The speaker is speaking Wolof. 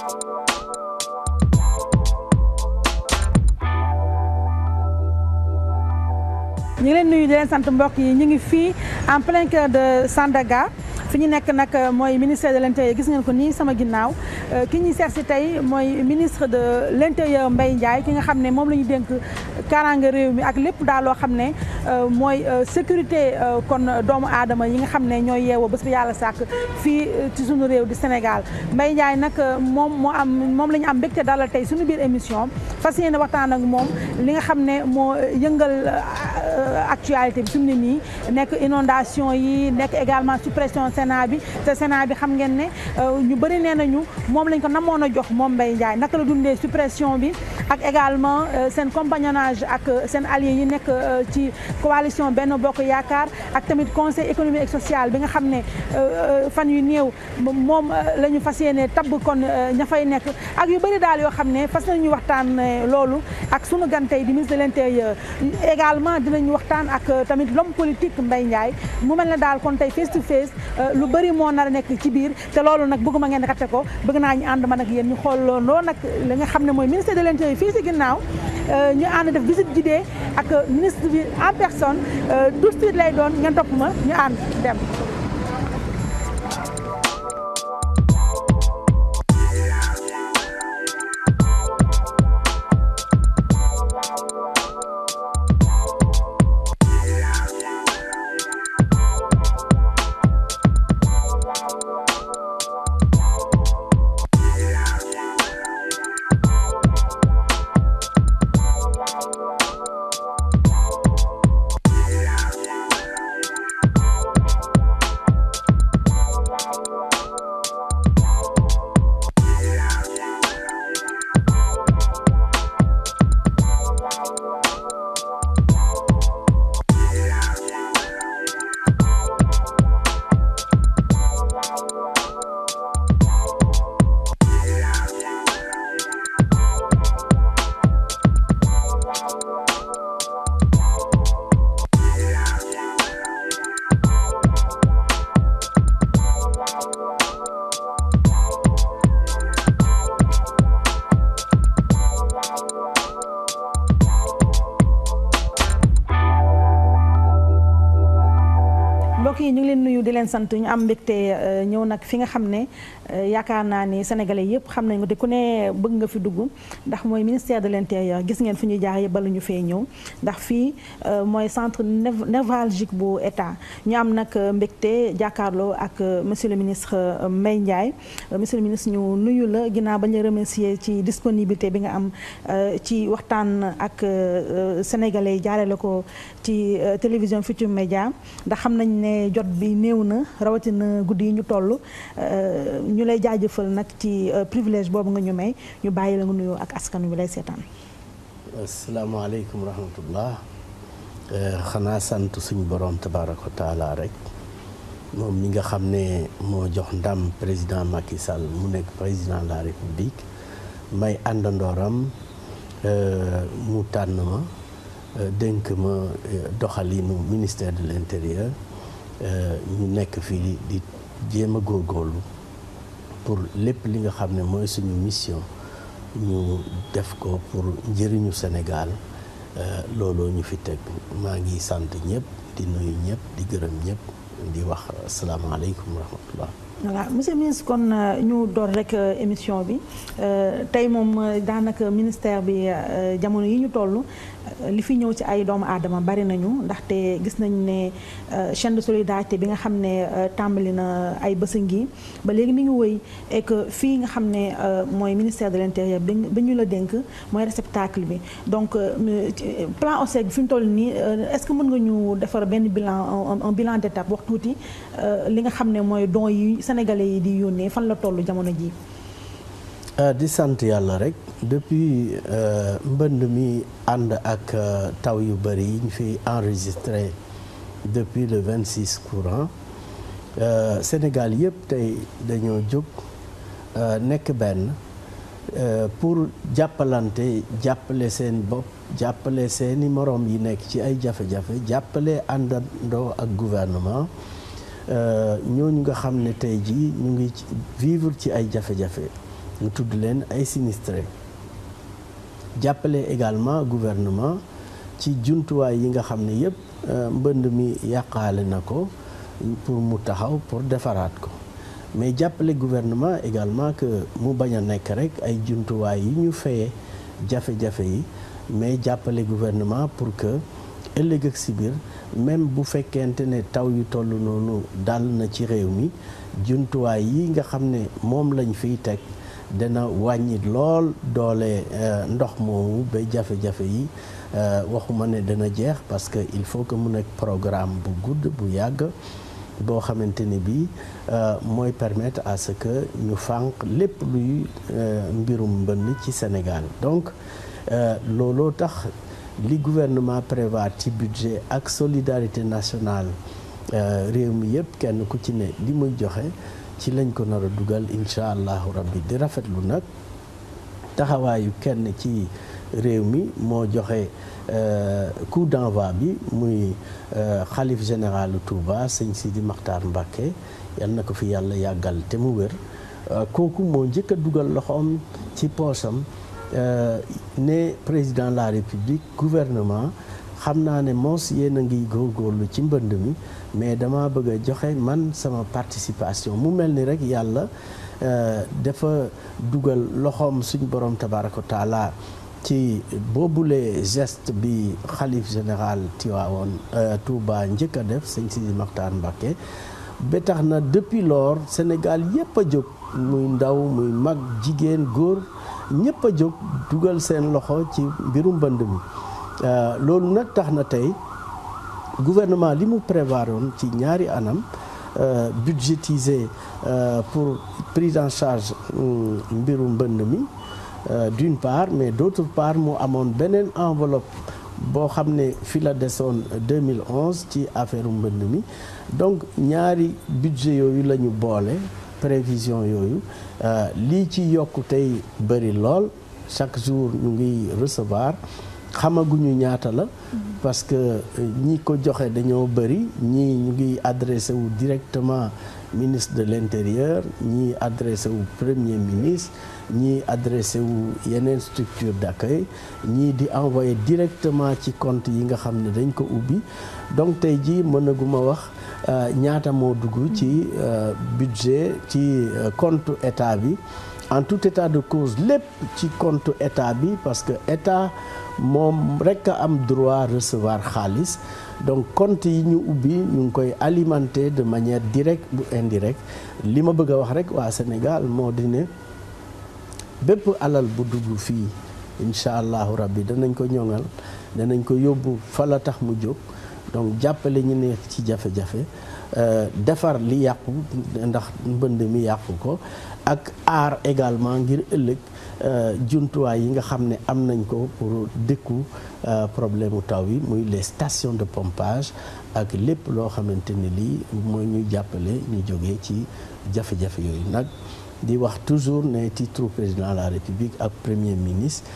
ñu ngi leen nuyu di leen sant mbokk yi ñu ngi fii en plein cœur de Sandaga fi ñu nekk nag euh, mooy ministre de l' intérieur gis ngeen ko nii sama ginnaaw euh, ki ñuy seet si tey mooy ministre de l' intérieur Mbaye Ndiaye ki nga xam ne moom la ñu dénk kaaraange réew mi ak lépp daal loo xam ne euh, mooy sécurité kon doomu aadama yi nga xam ne ñooy yeewoo ba bu yàlla sàkk fii ci suñu réew di Sénégal Mbaye Ndiaye nag moom moo am moom lañu am mbégte dalal tey suñu biir émission fas yéene waxtaan ak moom li nga xam ne moo yëngal euh, actualité bi fi mu nii nekk inondation yi nekk également suppression Sénat bi te bi xam ngeen ne euh, ñu bëri nee nañu moom lañ ko namoon a jox moom Mbaye Ndiaye naka la dundee bi ak également euh, seen compagnonnage ak seen alliés yi nekk ci coalition Benno Bokk Yaakaar ak tamit conseil économique et bi nga xam ne fan yu néew moom la ñu fas yéene tabb kon ña fay nekk ak yu bëri daal yoo xam ne fas nañu waxtaan amee loolu ak sunu gan tey di ministre de l'intérieur également dinañu waxtaan ak euh, tamit l'homme politique mbay Ndiaye mu mel ne daal kon tey face to face euh, lu bari moo nar a nekk ci biir te loolu nag bëgguma ngeen raté ko bëgg naa ñu ànd ma nag yéen ñu xoolloo nag li nga xam ne mooy ministre de l'intérieur fii si ginnaaw euh, ñu ànd def visite guidée ak ministre bi en personne tout de suite lay doon ngeen topp ma ñu ànd dem mbokk yi ñu ngi leen nuyu di leen sant ñu am mbégte euh, ñëw nag fi nga xam ne euh, yaakaar naa ni sénégalais yëpp xam nañ ko te ku ne bëgg nga fi dugg ndax mooy ministère de l'intérieur gis ngeen fu ñuy jaar yëpp balu ñu fee ñëw ndax fii euh, mooy centre névralgique bu état ñu am nag mbégte jàkkaarloo ak monsieur le ministre Mbaye Ndiaye monsieur le ministre ñu nuyu la ginnaaw bañ a remercier ci disponibilité bi nga am ci waxtaan ak sénégalais jaare la ko ci télévision Futurs Médias ne jot bi néew na rawatina guddi ñu toll euh, ñu lay jaajëfal nag ci euh, privilège boobu nga ñu may ñu bàyyi la nuyoo ak askan wi lay seetaan. asalaamaaleykum wa rahmatullah euh, xanaa sant suñu borom tabaaraka rek moom mi nga xam ne moo jox ndam président Macky Sall mu nekk président de la république may àndandooram mu tànn ma dénk ma doxalinu ministère de l'intérieur Euh, ñu nekk fii di di jéem a góorgóorlu pour lépp li nga xam ne mooy suñu mission ñu def ko pour njëriñu Sénégal euh, looloo ñu fi teg maa ngi sant ñëpp di noyu ñëpp di gërëm ñëpp di wax asalaamaaleykum wa rahmatullah voilà monsieur le ministre kon euh, ñu door rek euh, émission bi euh, tey moom daanaka ministère bi jamono yi ñu toll li fi ñëw ci ay doomu aadama bari nañu ndaxte gis nañ ne chaîne de solidarité bi nga xam ne tàmbali na ay bës ngi ba léegi mi ngi wëy et que fii nga xam ne mooy ministère de l' intérieur bi ñu la dénk mooy réceptacle bi donc plan ORSEC fi ñu toll nii est ce que mën nga ñu defar benn bilan un bilan d' étape wax tuuti li nga xam ne mooy don yi sénégalais yi di yónnee fan la tollu jamono ji ah, di sant yàlla rek depuis euh, mbënd mi ànd ak euh, taw yu bëri yi ñu fi enregistré depuis le 26 courant euh, Sénégal yëpp tey dañoo jóg nekk benn pour jàppalante jàppale seen bopp jàppale seeni moroom yi nekk ci ay jafe-jafe jàppale àndandoo ak gouvernement Euh, ñooñu nga xam ne tey jii ñu ngi vivre ci ay jafe-jafe ñu tudd leen ay sinistrés jàppale également gouvernement ci jumtuwaay yi nga xam ne yëpp euh, mbënd mi yàqale na ko pour mu taxaw pour defaraat ko mais jàppale gouvernement également que mu bañ a nekk rek ay jumtuwaay yi ñu fayee jafe-jafe yi mais jàppale gouvernement pour que ëllëg ak si biir même bu fekkente ne taw yu toll noonu dal na ci réew mi jumtuwaay yi nga xam ne moom lañ fiy teg dana wàññi lool doole euh, ndox moomu ba jafe-jafe yi euh, waxuma ne dana jeex parce que il faut que mu nekk programme bu gudd bu yàgg boo xamante ne bii euh, mooy permettre à ce que ñu fànq lépp luy mbirum mbënn ci Sénégal donc looloo tax li gouvernement prévoir ci budget ak solidarité nationale euh, réew mi yëpp kenn ku ci ne li muy joxe ci lañ ko nar dugal incha allahu rabbi di lu nag taxawaayu kenn ci réew mi moo joxe euh, coup d'envoi bi muy euh, xalif généralu Touba sëñ Sidi maxtar Mbàkke yal na ko fi yàlla yàggal te mu wér kooku moo njëkk a dugal loxoom ci poosam Euh, ne président la république gouvernement xam naa ne moos yéen a ngi góorgóorlu ci mbënd mi mais dama bëgg a joxe man sama participation mu mel ni rek yàlla euh, dafa dugal loxoom suñ borom tabaraka taala ci boobule geste bi xalif général Tiwaawoon euh, Touba njëkk a def sëñ Sidi Maxtaar Mbacké ba tax na depuis lors Sénégal yépp a jóg muy ndaw muy mag jigéen góor ñépp a jóg dugal seen loxo ci mbiru mbënd mi euh, loolu nag tax na tey gouvernement li mu prévoir woon ci ñaari anam euh, budgétisé euh, pour prise en charge mm, mbiru mbënd mi d'une part mais d'autre part mu amoon beneen enveloppe boo xam ne fi la desoon 2011 ci affaire mbënd mi donc ñaari budget yooyu la ñu boole prévision yooyu euh, lii ci yokku tey bëri lool chaque jour ñu ngi recevoir xamaguñu ñaata la parce que euh, ñi ko joxe dañoo bëri ñii ñu ngi adressé wu directement ministre de l'intérieur ñii adressé wu premier ministre ñii adressé wu yeneen structure d'accueil ñii di envoyé directement ci compte yi nga xam ne dañ ko ubbi donc tey jii mënaguma wax euh, ñaata moo dugg ci euh, budget ci euh, compte état bi en tout état de cause lépp ci compte état bi parce que état moom rekk a am droit recevoir xaalis donc compte yi ñu ubbi ñu ngi koy alimenter de manière directe bu indirecte li ma bëgg wax rek waa Sénégal moo di ne bépp alal bu dugg fii incha allahu bi danañ ko ñoŋal danañ ko yóbbu fa la tax mu jóg donc jàppale ñu ne ci jafe-jafe euh, defar li yàqu ndax mbënd mi yàqu ko ak aar également ngir ëllëg Euh, jumtuwaay yi nga xam ne am nañ ko pour dëkku euh, problème mu taw yi muy les stations de pompage ak lépp loo xamante ne lii mooy ñuy jàppale ñu jóge ci jafe-jafe yooyu nag di wax toujours ne titre président de la république ak premier ministre